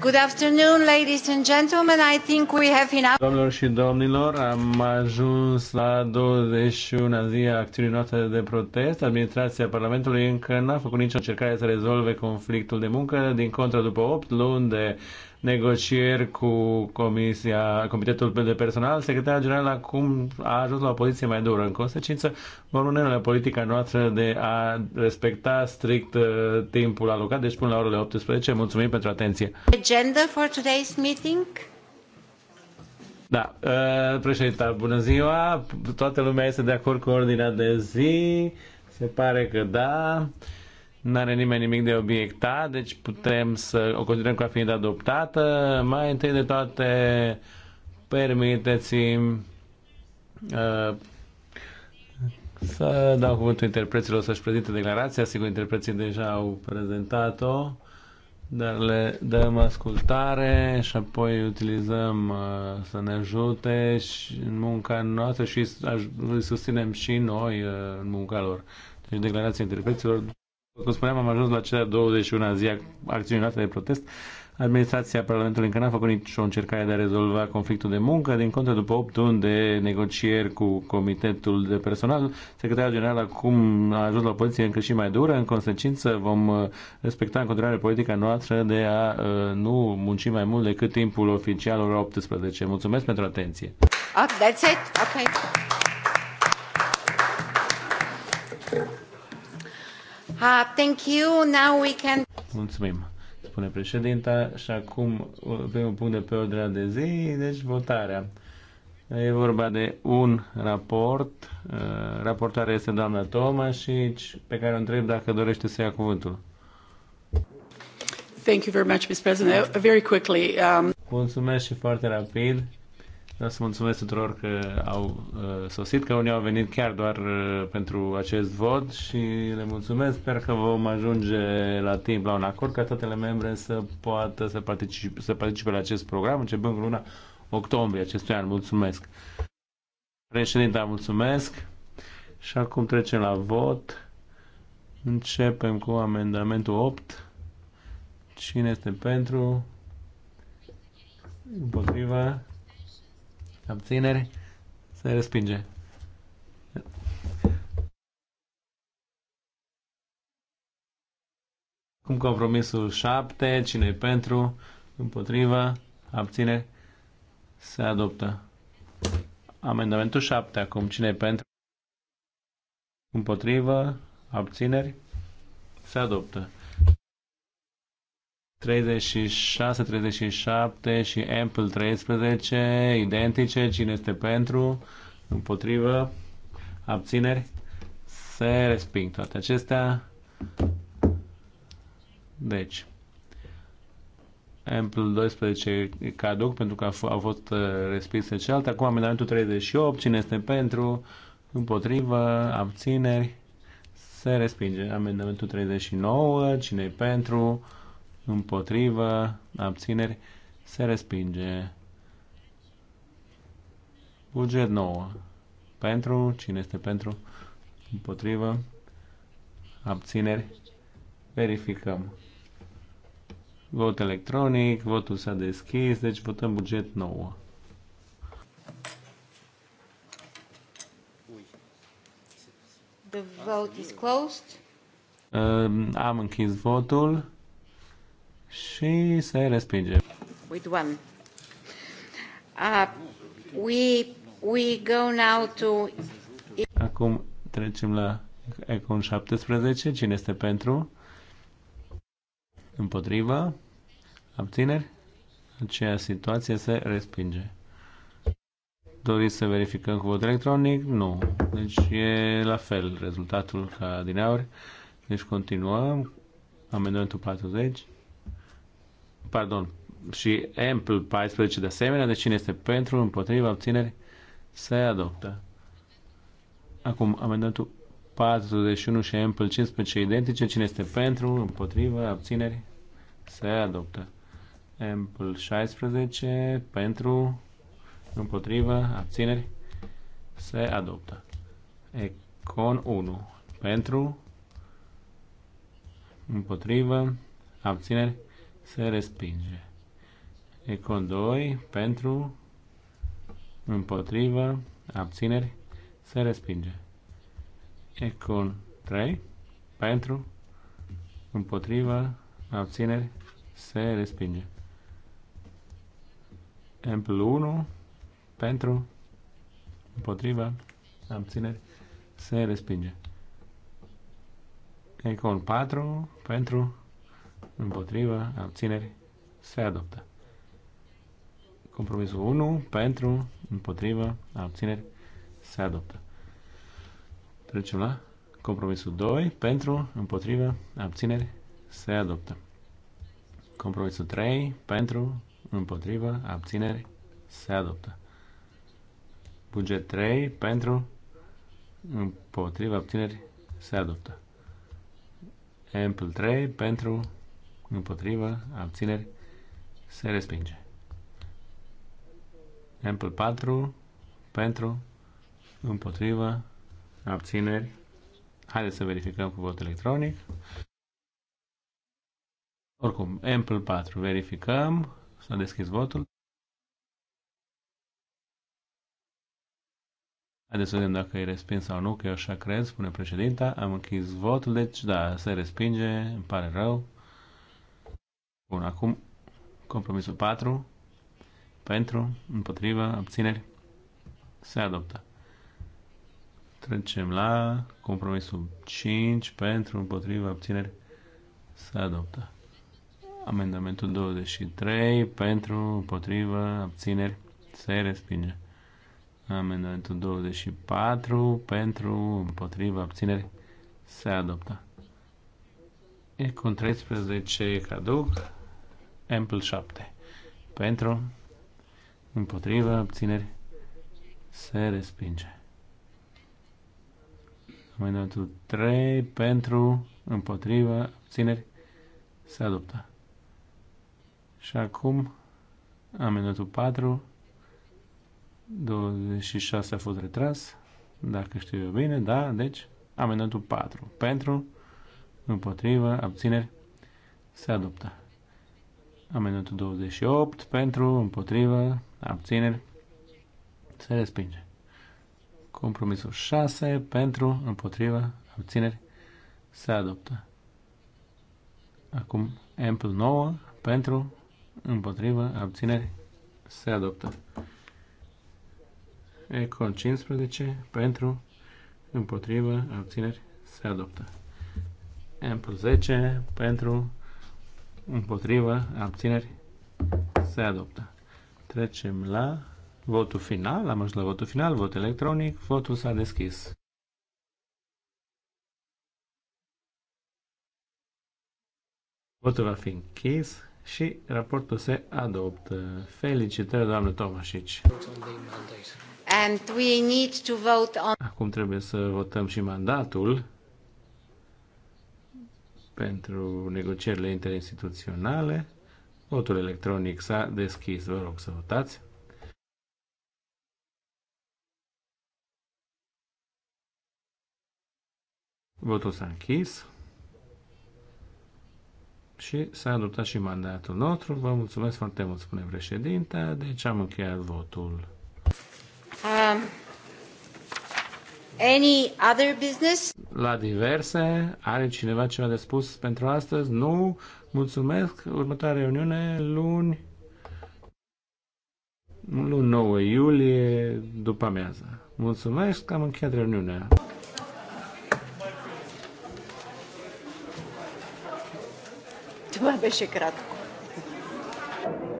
Good afternoon, ladies and gentlemen. I think we have enough. Doamnelor și domnilor, am ajuns la 21 zi a acțiunii noastre de protest. Administrația Parlamentului încă n-a făcut nicio încercare să rezolve conflictul de muncă. Din contră, după 8 luni de negocieri cu comisia, Comitetul de Personal, secretarul general acum a ajuns la o poziție mai dură. În consecință, vom rămâne la politica noastră de a respecta strict uh, timpul alocat, deci până la orele 18. Mulțumim pentru atenție. Agenda for today's meeting? Da, uh, președinta, bună ziua! Toată lumea este de acord cu ordinea de zi? Se pare că da. N-are nimeni nimic de obiectat, deci putem să o considerăm ca fiind adoptată. Mai întâi de toate, permiteți uh, să dau cuvântul interpreților să-și prezinte declarația. Sigur, interpreții deja au prezentat-o, dar le dăm ascultare și apoi utilizăm uh, să ne ajute și în munca noastră și îi susținem și noi uh, în munca lor. Deci declarația interpreților cum spuneam, am ajuns la cea 21-a zi a acțiunii noastre de protest. Administrația Parlamentului încă n-a făcut nicio încercare de a rezolva conflictul de muncă. Din contră, după 8 luni de negocieri cu Comitetul de Personal, Secretarul General acum a ajuns la o poziție încă și mai dură. În consecință, vom uh, respecta în continuare politica noastră de a uh, nu munci mai mult decât timpul oficial ora 18. Mulțumesc pentru atenție! Oh, that's it. Okay. Ah, thank you. Now we can... Mulțumim, spune președinta. Și acum uh, punct de pe ordinea de zi, deci votarea. E vorba de un raport. Uh, raportarea este doamna Toma și pe care o întreb dacă dorește să ia cuvântul. Thank you very much, Mr. President. Uh, very quickly. Um... Mulțumesc și foarte rapid. Vreau să mulțumesc tuturor că au uh, sosit, că unii au venit chiar doar uh, pentru acest vot și le mulțumesc. Sper că vom ajunge la timp la un acord ca statele membre să poată să, particip, să participe la acest program începând luna octombrie acestui an. Mulțumesc. Președinte, mulțumesc. Și acum trecem la vot. Începem cu amendamentul 8. Cine este pentru? Împotriva? abțineri, se respinge. Cum compromisul 7, cine pentru, împotriva, abține, se adoptă. Amendamentul 7, acum cine pentru, împotriva, abțineri, se adoptă. 36, 37 și Ample 13, identice, cine este pentru, împotrivă, abțineri, se resping toate acestea. Deci, Ample 12 caduc pentru că au fost uh, respinse cealaltă. Acum amendamentul 38, cine este pentru, împotrivă, abțineri, se respinge. Amendamentul 39, cine e pentru, împotrivă, abțineri, se respinge. Buget 9. Pentru, cine este pentru, împotrivă, abțineri, verificăm. Vot electronic, votul s-a deschis, deci votăm buget 9. The vote is closed. Am închis votul și se respinge. With one. Uh, we, we go now to... Acum trecem la Econ 17. Cine este pentru? Împotriva? Abțineri? Aceea situație se respinge. Doriți să verificăm cu vot electronic? Nu. Deci e la fel rezultatul ca din aur. Deci continuăm. Amendamentul 40 pardon, și ample 14 de asemenea, deci cine este pentru, împotriva, obțineri, se adoptă. Acum, amendatul 41 și ample 15 identice, cine este pentru, împotriva, obțineri, se adoptă. Ample 16, pentru, împotriva, abțineri, se adoptă. Econ 1, pentru, împotriva, abțineri, se se respinge. Econ 2 pentru, împotrivă, abțineri, se respinge. Econ 3 pentru, împotrivă, abțineri, se respinge. Empl 1 pentru, împotrivă, abțineri, se respinge. Econ 4 pentru, împotriva, abțineri, se adoptă. Compromisul 1, pentru, împotriva, abțineri, se adoptă. Trecem la compromisul 2, pentru, împotriva, abțineri, se adoptă. Compromisul 3, pentru, împotriva, abțineri, se adoptă. Buget 3, pentru, împotriva, abțineri, se adoptă. Ample 3, pentru, împotrivă, abțineri, se respinge. Ample 4, pentru, împotrivă, abțineri. Haideți să verificăm cu vot electronic. Oricum, Ample 4, verificăm, s-a deschis votul. Haideți să vedem dacă e respins sau nu, că eu așa cred, spune președinta. Am închis votul, deci da, se respinge, îmi pare rău. Bun, acum compromisul 4. Pentru, împotrivă, abțineri. Se adoptă. Trecem la compromisul 5. Pentru, împotrivă, abțineri. Se adoptă. Amendamentul 23. Pentru, împotrivă, abțineri. Se respinge. Amendamentul 24. Pentru, împotrivă, abțineri. Se adoptă cu 13 e caduc. Ample 7. Pentru, împotriva, obțineri se respinge. Amendamentul 3 pentru, împotriva, obțineri se adoptă. Și acum, amendamentul 4, 26 a fost retras, dacă știu eu bine, da, deci amendamentul 4 pentru, împotrivă, abțineri, se adoptă. Amendamentul 28 pentru, împotrivă, abțineri, se respinge. Compromisul 6 pentru, împotrivă, abțineri, se adoptă. Acum ampl 9 pentru, împotrivă, abțineri, se adoptă. Econ 15 pentru, împotrivă, abțineri, se adoptă plus 10 pentru împotrivă abțineri se adoptă. Trecem la votul final. Am ajuns la votul final, vot electronic. Votul s-a deschis. Votul va fi închis și raportul se adoptă. Felicitări, doamnă Tomașici! Acum trebuie să votăm și mandatul pentru negocierile interinstituționale. Votul electronic s-a deschis. Vă rog să votați. Votul s-a închis și s-a adoptat și mandatul nostru. Vă mulțumesc foarte mult, spune președinta. Deci am încheiat votul. Um. Any other business? La diverse, are cineva ceva de spus pentru astăzi? Nu. Mulțumesc. Următoarea reuniune luni luni 9 iulie după amiază. Mulțumesc că am încheiat reuniunea. Tu mai aveai și cratul.